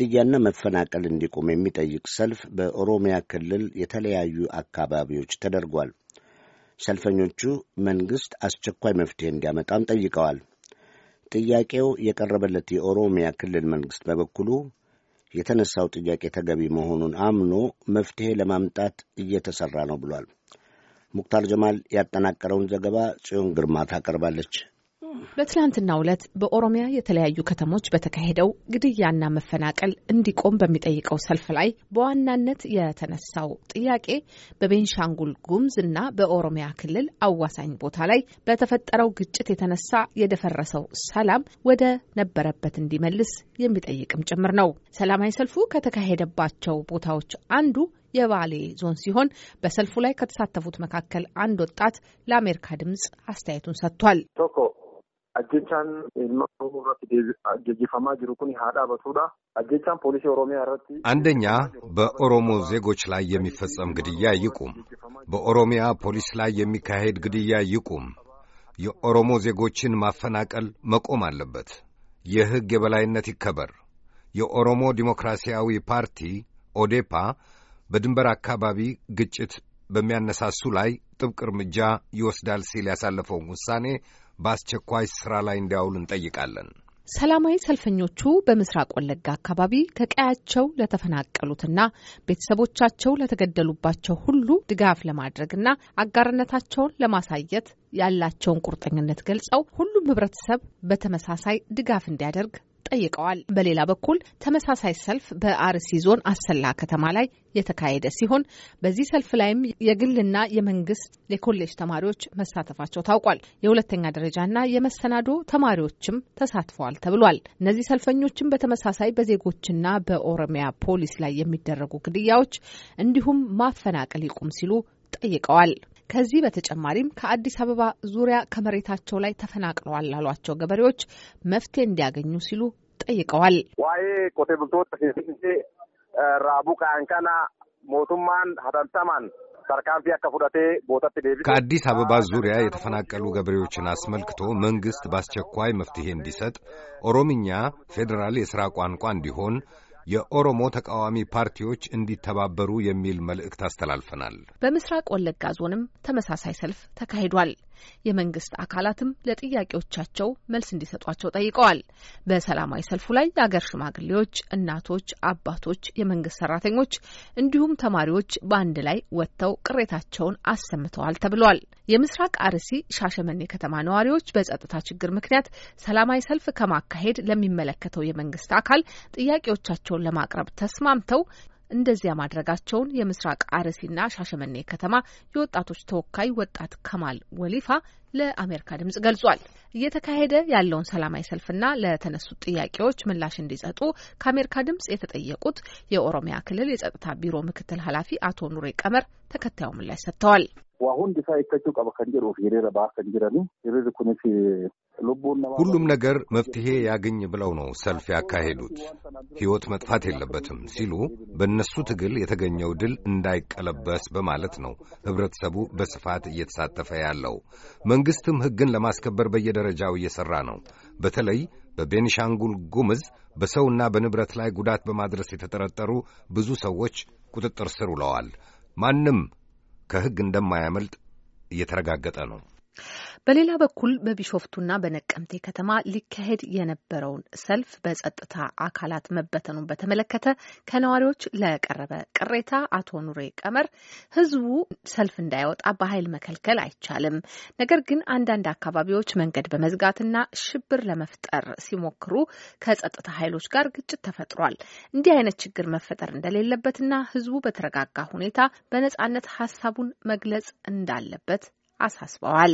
ግድያና መፈናቀል እንዲቆም የሚጠይቅ ሰልፍ በኦሮሚያ ክልል የተለያዩ አካባቢዎች ተደርጓል። ሰልፈኞቹ መንግሥት አስቸኳይ መፍትሄ እንዲያመጣም ጠይቀዋል። ጥያቄው የቀረበለት የኦሮሚያ ክልል መንግሥት በበኩሉ የተነሳው ጥያቄ ተገቢ መሆኑን አምኖ መፍትሄ ለማምጣት እየተሠራ ነው ብሏል። ሙክታር ጀማል ያጠናቀረውን ዘገባ ጽዮን ግርማ ታቀርባለች። በትላንትና ዕለት በኦሮሚያ የተለያዩ ከተሞች በተካሄደው ግድያና መፈናቀል እንዲቆም በሚጠይቀው ሰልፍ ላይ በዋናነት የተነሳው ጥያቄ በቤንሻንጉል ጉምዝ እና በኦሮሚያ ክልል አዋሳኝ ቦታ ላይ በተፈጠረው ግጭት የተነሳ የደፈረሰው ሰላም ወደ ነበረበት እንዲመልስ የሚጠይቅም ጭምር ነው። ሰላማዊ ሰልፉ ከተካሄደባቸው ቦታዎች አንዱ የባሌ ዞን ሲሆን በሰልፉ ላይ ከተሳተፉት መካከል አንድ ወጣት ለአሜሪካ ድምጽ አስተያየቱን ሰጥቷል። ቶኮ Ajjechaan ilma Oromoo irratti ገጅፈማ ጅሩ kun ሀዳ በቱዳ አጀቻን ፖሊሲ ኦሮሚያ ረት አንደኛ በኦሮሞ ዜጎች ላይ የሚፈጸም ግድያ ይቁም። በኦሮሚያ ፖሊስ ላይ የሚካሄድ ግድያ ይቁም። የኦሮሞ ዜጎችን ማፈናቀል መቆም አለበት። የሕግ የበላይነት ይከበር። የኦሮሞ ዲሞክራሲያዊ ፓርቲ ኦዴፓ በድንበር አካባቢ ግጭት በሚያነሳሱ ላይ ጥብቅ እርምጃ ይወስዳል ሲል ያሳለፈውን ውሳኔ በአስቸኳይ ስራ ላይ እንዲያውል እንጠይቃለን። ሰላማዊ ሰልፈኞቹ በምስራቅ ወለጋ አካባቢ ከቀያቸው ለተፈናቀሉትና ቤተሰቦቻቸው ለተገደሉባቸው ሁሉ ድጋፍ ለማድረግና አጋርነታቸውን ለማሳየት ያላቸውን ቁርጠኝነት ገልጸው ሁሉም ህብረተሰብ በተመሳሳይ ድጋፍ እንዲያደርግ ጠይቀዋል። በሌላ በኩል ተመሳሳይ ሰልፍ በአርሲ ዞን አሰላ ከተማ ላይ የተካሄደ ሲሆን በዚህ ሰልፍ ላይም የግልና የመንግስት የኮሌጅ ተማሪዎች መሳተፋቸው ታውቋል። የሁለተኛ ደረጃና የመሰናዶ ተማሪዎችም ተሳትፈዋል ተብሏል። እነዚህ ሰልፈኞችም በተመሳሳይ በዜጎችና በኦሮሚያ ፖሊስ ላይ የሚደረጉ ግድያዎች እንዲሁም ማፈናቀል ይቁም ሲሉ ጠይቀዋል። ከዚህ በተጨማሪም ከአዲስ አበባ ዙሪያ ከመሬታቸው ላይ ተፈናቅለዋል ላሏቸው ገበሬዎች መፍትሄ እንዲያገኙ ሲሉ ጠይቀዋል። ሞቱማን ከአዲስ አበባ ዙሪያ የተፈናቀሉ ገበሬዎችን አስመልክቶ መንግሥት በአስቸኳይ መፍትሄ እንዲሰጥ፣ ኦሮምኛ ፌዴራል የሥራ ቋንቋ እንዲሆን የኦሮሞ ተቃዋሚ ፓርቲዎች እንዲተባበሩ የሚል መልእክት አስተላልፈናል። በምስራቅ ወለጋ ዞንም ተመሳሳይ ሰልፍ ተካሂዷል። የመንግስት አካላትም ለጥያቄዎቻቸው መልስ እንዲሰጧቸው ጠይቀዋል። በሰላማዊ ሰልፉ ላይ የአገር ሽማግሌዎች፣ እናቶች፣ አባቶች፣ የመንግስት ሰራተኞች እንዲሁም ተማሪዎች በአንድ ላይ ወጥተው ቅሬታቸውን አሰምተዋል ተብሏል። የምስራቅ አርሲ ሻሸመኔ ከተማ ነዋሪዎች በጸጥታ ችግር ምክንያት ሰላማዊ ሰልፍ ከማካሄድ ለሚመለከተው የመንግስት አካል ጥያቄዎቻቸውን ለማቅረብ ተስማምተው እንደዚያ ማድረጋቸውን የምስራቅ አርሲና ሻሸመኔ ከተማ የወጣቶች ተወካይ ወጣት ከማል ወሊፋ ለአሜሪካ ድምጽ ገልጿል። እየተካሄደ ያለውን ሰላማዊ ሰልፍና ለተነሱት ጥያቄዎች ምላሽ እንዲሰጡ ከአሜሪካ ድምጽ የተጠየቁት የኦሮሚያ ክልል የጸጥታ ቢሮ ምክትል ኃላፊ አቶ ኑሬ ቀመር ተከታዩ ምላሽ ሰጥተዋል። waa hundi isaa qaba kan jedhuuf hiriira ba'aa kan jiran hiriirri kunis lubbuun namaa ሁሉም ነገር መፍትሄ ያገኝ ብለው ነው ሰልፍ ያካሄዱት። ሕይወት መጥፋት የለበትም ሲሉ በእነሱ ትግል የተገኘው ድል እንዳይቀለበስ በማለት ነው ኅብረተሰቡ በስፋት እየተሳተፈ ያለው። መንግሥትም ሕግን ለማስከበር በየደረጃው እየሠራ ነው። በተለይ በቤኒሻንጉል ጉምዝ በሰውና በንብረት ላይ ጉዳት በማድረስ የተጠረጠሩ ብዙ ሰዎች ቁጥጥር ስር ውለዋል። ማንም ከሕግ እንደማያመልጥ እየተረጋገጠ ነው። በሌላ በኩል በቢሾፍቱና በነቀምቴ ከተማ ሊካሄድ የነበረውን ሰልፍ በጸጥታ አካላት መበተኑን በተመለከተ ከነዋሪዎች ለቀረበ ቅሬታ አቶ ኑሬ ቀመር ህዝቡ ሰልፍ እንዳይወጣ በኃይል መከልከል አይቻልም፣ ነገር ግን አንዳንድ አካባቢዎች መንገድ በመዝጋትና ሽብር ለመፍጠር ሲሞክሩ ከጸጥታ ኃይሎች ጋር ግጭት ተፈጥሯል። እንዲህ አይነት ችግር መፈጠር እንደሌለበትና ህዝቡ በተረጋጋ ሁኔታ በነጻነት ሀሳቡን መግለጽ እንዳለበት አሳስበዋል።